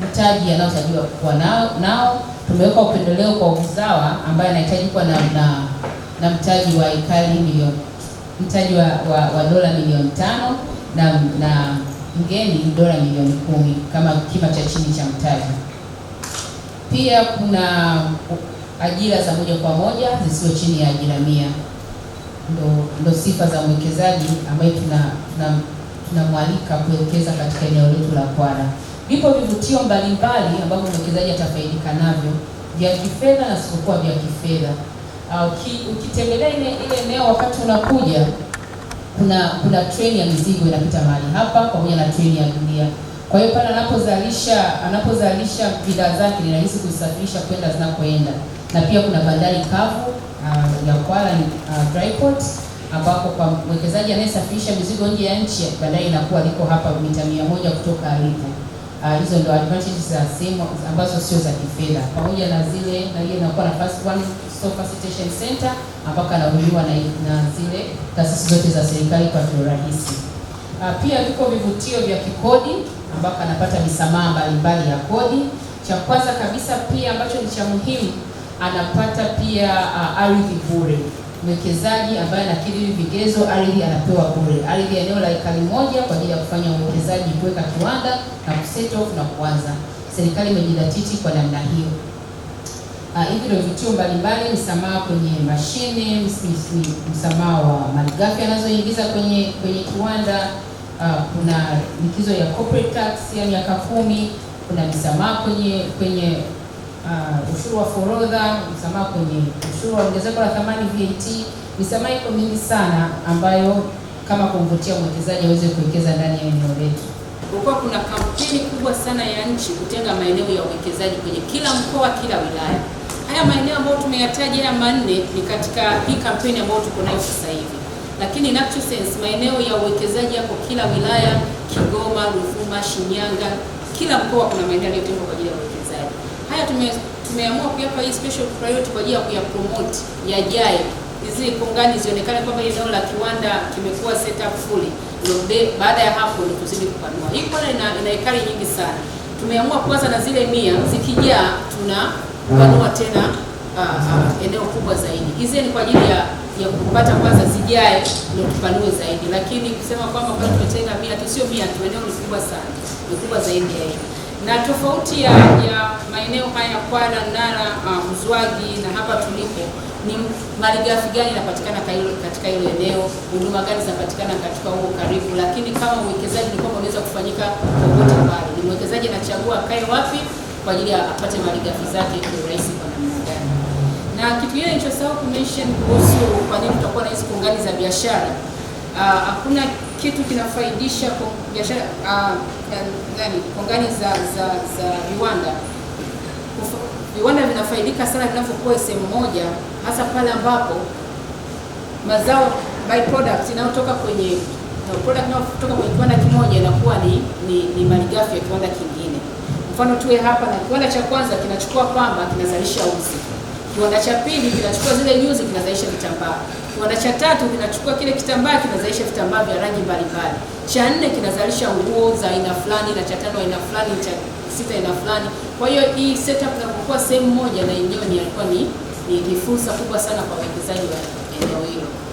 mtaji anaotajiwa kuwa nao, nao tumeweka upendeleo kwa uzawa ambaye anahitaji kuwa na, na, na mtaji wa ekari milioni mtaji wa, wa, wa dola milioni tano na, na mgeni dola milioni kumi kama kima cha chini cha mtaji. Pia kuna ajira za moja kwa moja zisizo chini ya ajira mia. Ndo, ndo sifa za mwekezaji ambaye tunamwalika tuna, tuna kuwekeza katika eneo letu la kwara Vipo vivutio mbalimbali ambavyo mwekezaji atafaidika navyo vya kifedha na sikokuwa vya kifedha. Ah, ukitembelea ile ile eneo wakati unakuja, kuna kuna treni ya mizigo inapita mahali hapa pamoja na treni ya dunia. Kwa hiyo pale anapozalisha anapozalisha bidhaa zake ni rahisi kuzisafirisha kwenda zinakoenda, na pia kuna bandari kavu uh, ya Kwala uh, dry port ambapo kwa mwekezaji anayesafirisha mizigo nje ya nchi bandari inakuwa liko hapa mita mia moja kutoka alipo. Ah, hizo ndo advantages za simu ambazo sio za kifedha, pamoja na zile na ile inakuwa na first one stop facilitation center ambako anahudumiwa na, na zile taasisi zote za serikali kwa kiurahisi. Uh, pia viko vivutio vya kikodi ambako anapata misamaha mbalimbali ya kodi. Cha kwanza kabisa pia ambacho ni cha muhimu anapata pia uh, ardhi bure mwekezaji ambaye anakidhi hivi vigezo, ardhi anapewa bure. Ardhi ya eneo la ekari moja kwa ajili ya kufanya uwekezaji, kuweka kiwanda na kuseto na kuanza. Serikali imejidhatiti kwa namna hiyo. Ah, hivi ndio vituo mbalimbali, msamaha kwenye mashine, msamaha wa malighafi anazoingiza kwenye kwenye kiwanda. Ah, kuna likizo ya corporate tax ya miaka kumi, kuna msamaha kwenye kwenye uh, ushuru wa forodha, msamaha kwenye ushuru wa ongezeko la thamani VAT. Misamaha iko mingi sana ambayo kama kumvutia mwekezaji aweze kuwekeza ndani ya eneo letu. Kulikuwa kuna kampeni kubwa sana ya nchi kutenga maeneo ya uwekezaji kwenye kila mkoa, kila wilaya. Haya maeneo ambayo tumeyataja haya manne ni katika hii kampeni ambayo tuko nayo sasa hivi, lakini in actual sense maeneo ya uwekezaji yako kila wilaya, Kigoma, Ruvuma, Shinyanga, kila mkoa kuna maeneo yanayotengwa kwa ajili ya haya tume, tumeamua kuyapa hii special priority kwa ajili ya kuyapromote yajaye, hizi kongani zionekane kwamba eneo la kiwanda kimekuwa set up fully, ndio baada ya hapo ni kuzidi kupanua. Hii kona ina, ina ekari nyingi sana. Tumeamua kwanza na zile mia, zikijaa tunapanua tena uh, uh, eneo kubwa zaidi. Hizi ni kwa ajili ya ya kupata kwanza zijae ndio tupanue zaidi, lakini kusema kwamba tumetenga mia tu, sio mia tu, eneo ni kubwa sana, ni kubwa zaidi ya hiyo na tofauti ya, ya maeneo haya Kwala, Nara, uh, Uzwagi na hapa tulipo ni malighafi gani inapatikana katika hilo eneo, huduma gani zinapatikana katika huo karibu. Lakini kama mwekezaji ni kwamba unaweza kufanyika popote pale, ni mwekezaji anachagua akae wapi kwa ajili ya apate malighafi zake kwa urahisi kwa namna gani. Na kitu kingine nilichosahau kumention kuhusu kwa nini tutakuwa na hizo kongani za biashara, uh, hakuna uh, kitu kinafaidisha biashara kongani ah, za za za viwanda. Viwanda vinafaidika sana vinapokuwa sehemu moja, hasa pale ambapo mazao by product inayotoka kwenye product inayotoka kwenye kiwanda kimoja inakuwa ni, ni, ni malighafi ya kiwanda kingine. Mfano tuwe hapa na kiwanda cha kwanza kinachukua pamba kinazalisha uzi Kiwanda cha pili kinachukua zile nyuzi kinazalisha vitambaa. Kiwanda cha tatu kinachukua kile kitambaa kinazalisha vitambaa vya rangi mbalimbali. Cha nne kinazalisha nguo za aina fulani, na cha tano aina fulani, cha sita aina fulani. Kwa hiyo hii setup inapokuwa sehemu moja, na yenyewe ni alikuwa ni ni fursa kubwa sana kwa wawekezaji wa eneo hilo.